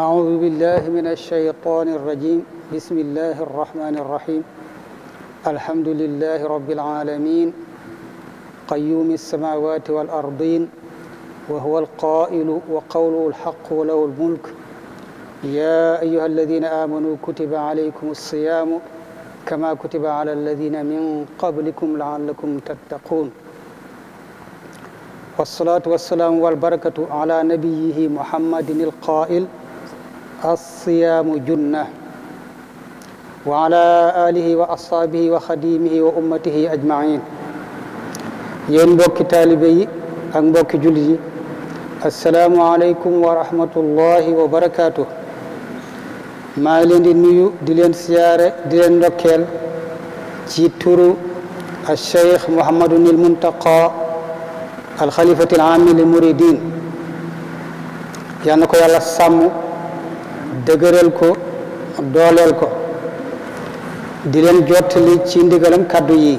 أعوذ بالله من الشيطان الرجيم بسم الله الرحمن الرحيم الحمد لله رب العالمين قيوم السماوات والأرضين وهو القائل وقوله الحق وله الملك يا أيها الذين آمنوا كتب عليكم الصيام كما كتب على الذين من قبلكم لعلكم تتقون والصلاة والسلام والبركة على نبيه محمد القائل alsiyaamu junna wa ala alihi wa ashaabihi wa xadimihi wa ummatihi ajmain yéen mbokki taalibe yi ak mbokki jullit yi assalaamu aleykum wa rahmatullahi wa barakaatu maa ngi leen di nuyu di leen siyaare di leen ndokkeel ci turu al cheikh Mouhamadunil Muntaqa al xalifati al aami li muridin yal na ko yàlla sàmm dëgëral ko dooleel ko di leen jottali ci ndigalam kàddu yi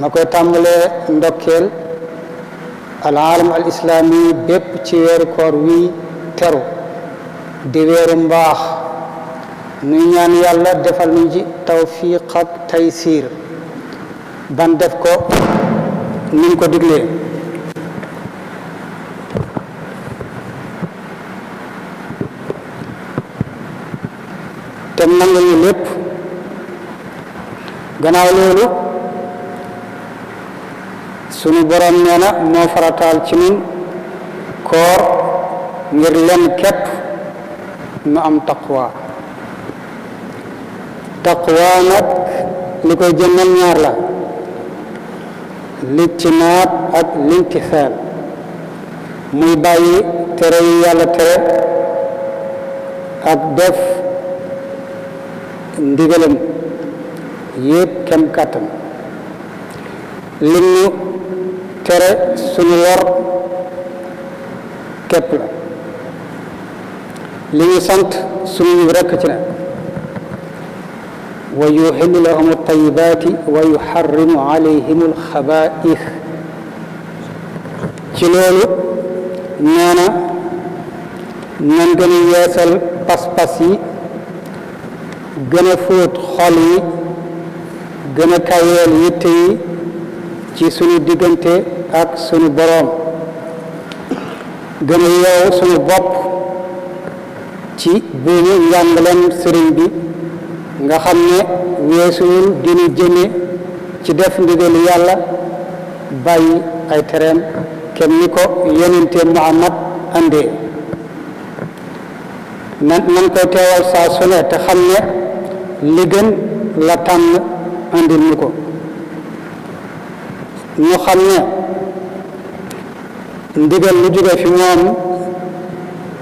ma koy tàmbalee ndokkeel al aalam al islaami bépp ci weeru koor wi teru di weeru mbaax nuy ñaan yàlla defal nu ji tawfiq ak taysiir ban def ko ni ko diglee dem nangul lépp gannaaw loolu sunu borom nee na moo farataal ci nun koor ngir len képp nu am taqwa taqwa nag li koy jëmmal ñaar la lijtinaab ak limtisaal muy bàyyi tere yi yàlla tere ak def ndigalam yépp kem kàttan lim tere suñu lor képp sant suñu ñu rekk wa yuxillu lahum altayibaati wa yuxarrimu alayhim alxabaa'is ci loolu nee na nan a yeesal pas yi gën a fóot xol yi gën a kaweel yitte yi ci sunu diggante ak sunu boroom gëna a yeew bopp ci buumu njàngaleen sëriñ bi nga xam ne weesuwul dinu jëme ci def ndigalu yàlla bàyyi ay tereem kenn ni ko yonente Muhammad andee nan nan koy teewal saa su te xam ne li gën la tànn indil ñu ko ñu xam ne ndigal lu jóge fi moom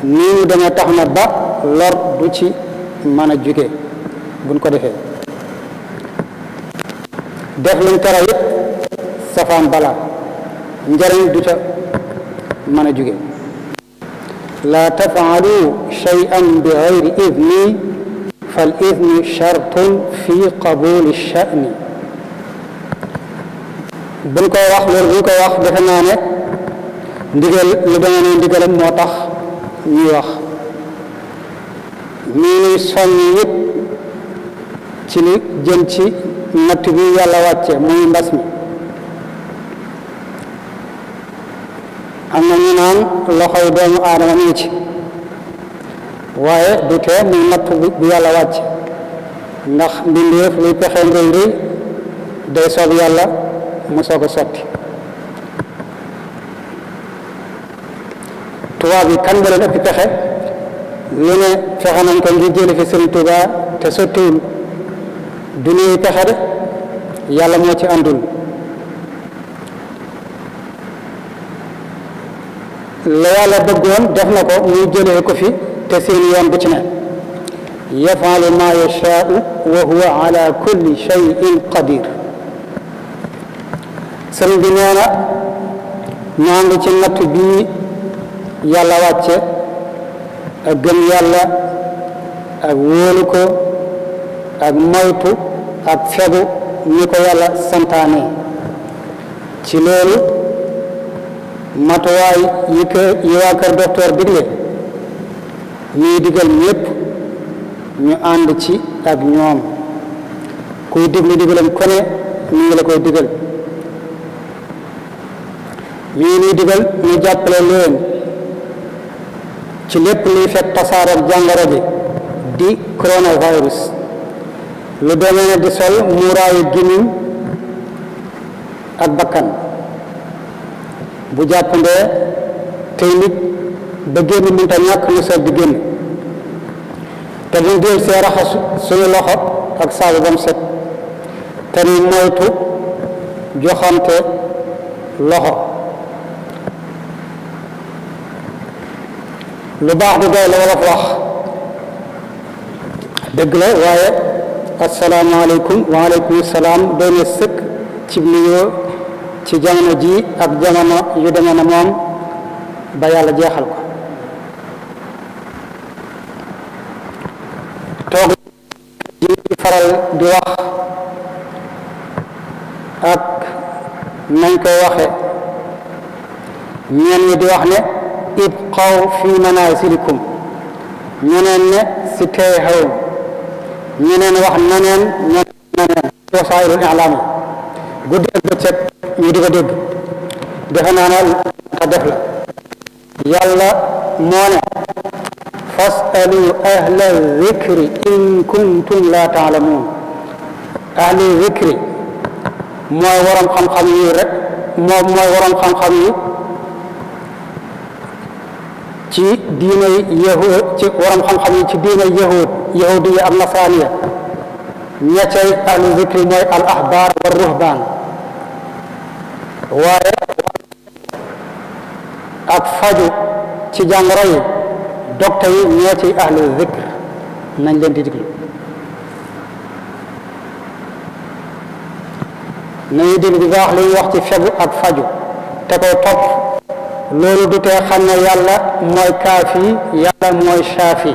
nii dana tax na ba lor du ci mën a jóge buñ ko defee def luñ tere it safaan bala njariñ du ca mën a jóge la tafaalu shay'an bi gayri idni فالإذن شرط في قبول الشأن buñ koy wax loolu buñ koy wax defe naa ne ndigal lu demee ne ndigalam moo tax ñuy wax ñu ngi ci li jëm ci natt bi yàlla wàcce muy mbas mi am na ñu naan loxoy doomu aadama mu ci waaye du tee muy natt bu yàlla wàcc ndax mbindeef luy pexee ngay rëy day soob yàlla mu soog ko sotti tubaab yi kan nga leen ëpp pexe lu ne fexe nañ ko ngir jële fi sëriñ Tuuba te sottiwul du nuy pexe de yàlla moo ci àndul la yàlla bëggoon def na ko muy jëlee ko fi te seen yoon bu ci ne yafalu ma wa huwa ala kulli cheyin qadir sëriñ bi nee na ñoo ci natt bii yàlla wàcce ak gëm yàlla ak wóolu ko ak moytu ak fegu ni ko ci loolu matuwaay yi ko yi waa kër docteur digle ñuy digal ñépp ñu ànd ci ak ñoom kuy diglu digalam kone ñu ngi la koy digal ñii nuy digal ñu jàppale leen ci lépp luy fekk tasaaral jàngoro bi di coronavirus lu demee ne di sol muuraayu gémmiñ ak bakkan bu jàppandee tey nit ba génn mënta ñàkk na seet di génn te buñ deel see raxas suñu loxo ak saabu ba mu set te ñu moytu joxante loxo lu baax du doy la wala wax dëgg la waaye asalaamaaleykum waaleykum salaam doy na sëkk ci nuyoo ci jamono ji ak jamono yu demee na moom ba yàlla jeexal ko faral di wax ak nañ koy waxe ñeen ñi di wax ne ibqaw fi manasilikum ñeneen ne si tey xew ñeneen wax naneen ñeneen naneen wasaayirul ilaam guddi ak bëccëg ñu di ko dégg defe naa ne def la yàlla moo fasalu ahla zikri in kuntum la taalamuun ahli zikri mooy waroom xam-xam yi rek moom mooy waroom xam-xam yi ci diinay yahud ci waroom xam-xam yi ci diinay yahud yahudi yi ak nasraaniya ña cay ahlu zikri mooy al ahbar wa ruhbaan waaye ak faju ci jàngoro yi docte yi ñoo ci ahlu zikr nañ leen di diglu nañuy déglu bu baax li wax ci fegu ak faju te koy topp loolu du tee xam na yàlla mooy kaafi yàlla mooy shaafi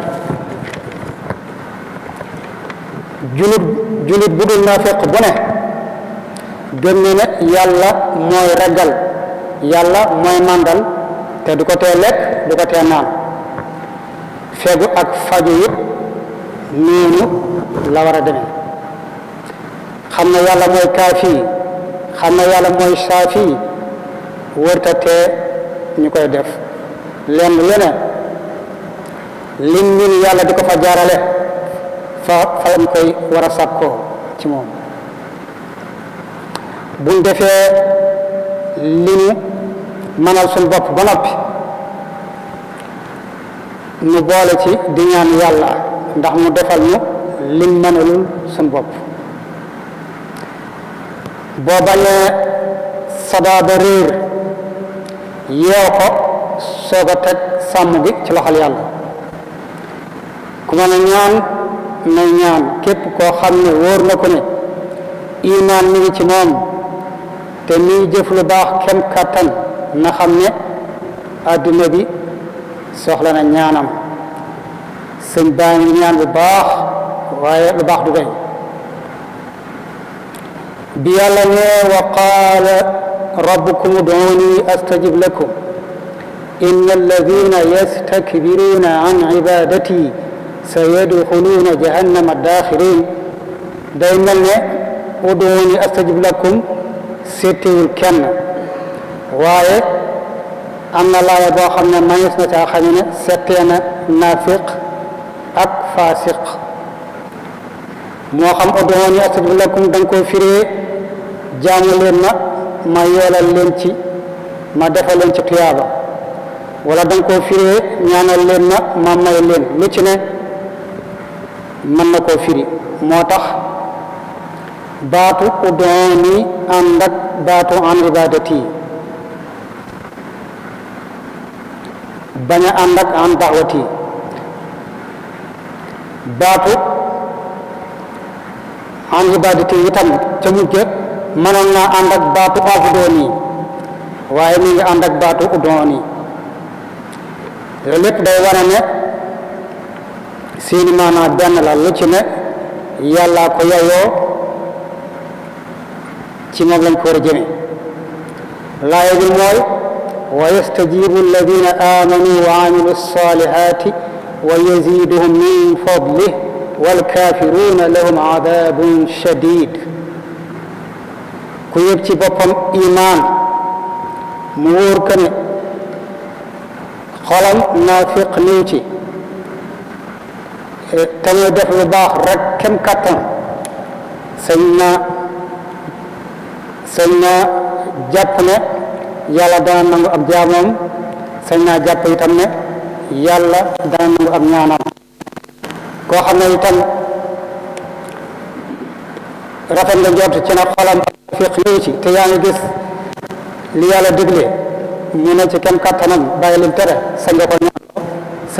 julit julit bu dul naafiq bu ne gëm yàlla mooy reggal yàlla mooy màndal te du ko tee lekk du ko tee naan fegu ak faju yëpp noonu la war a demee xam na yàlla mooy kaafi xam na yàlla mooy saafi wërtatee ñu koy def lenn lu ne lim min yàlla di ko fa jaarale fa falam koy war a sàkkoo ci moom buñ defee li ñu mënal bopp ba noppi nu boole ci di ñaan yàlla ndax mu defal ñu liñ mënalul suñ bopp boo bañee sadaa ba réer yeew ko teg sàmm gi ci loxol yàlla ku mën ñaan nay ñaan képp koo xam ne wóor na ko ne imaan mi ngi ci moom te muy jëf lu baax kem kàttan na xam ne àdduna bi soxla na ñaanam sëñ baa ngi ñaan bu baax waaye lu baax du doy bi yàlla ne wa qaala rabbukum ud'uuni astajib lakum inna alladina yastakbiruna an ibadati sayadxuluuna jahannama daaxirin day mel ne ud'uuni astajib lakum seetewul kenn waaye am na laaya boo xam ne manees na caa xam ne settee na naafiq ak faasiq moo xam ud'uuni astajib lakum da koo firee jaamu leen ma ma yoolal leen ci ma defal leen ci tuyaaba wala da nga koo firee ñaanal leen ma ma may leen lu ci ne mën na koo firi moo tax baatu ud'uuni ànd ak baatu an ibaadati bañ a ànd ak an daawati baatu an ibadati itam ca mujje mënoon naa ànd ak baatu afdooni waaye mi ngi ànd ak baatu udooni loolu lépp day wane ne seeni benn la lu ci ne yàllaa ko yayoo ci moom lañ ko war jëme laaye bi mooy ويستجيب الذين آمنوا وعملوا الصالحات ويزيدهم من فضله والكافرون لهم عذاب شديد ku yëg ci boppam imaan mu wóor ko ne xolam naafiq niw ci te muy def lu baax rek kem kattan sañ na sañ na jàpp ne yàlla dana nangu ab jaamoom sañ naa jàpp itam ne yàlla dana nangu ab ñaanam koo xam ne itam rafet nga njort ci na xolam fiq ñëw ci te yaa gis li yàlla digle ñu ne ci kem kattanam bàyyi lim tere sañ nga ko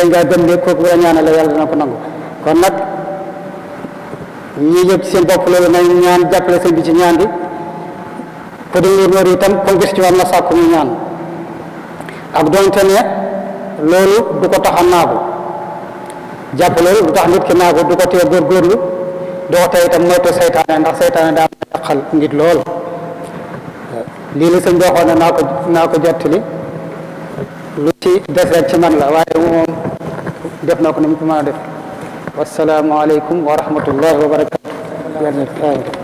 ñaan ne kooku bu la ñaanale yàlla dana ko nangu kon nag ñi yëpp ci seen bopp loolu nañ ñaan jàppale sëñ bi ci ñaan te dañuy loolu itam ko gis ci war na sàkku ñu ñaan ak donte ne loolu du ko tax a naagu jàpp loolu du tax nit ki naagu du ko tee góorgóorlu du ko tee itam moytu seytaane ndax seytaane daa daqal ngir lool lii la sëñ bi waxoon naa ko naa ko jottali lu des rek ci man la waaye moom def na ko ni mu ko mën a def wasalaamualeykum wa rahmatullahi wa barakatu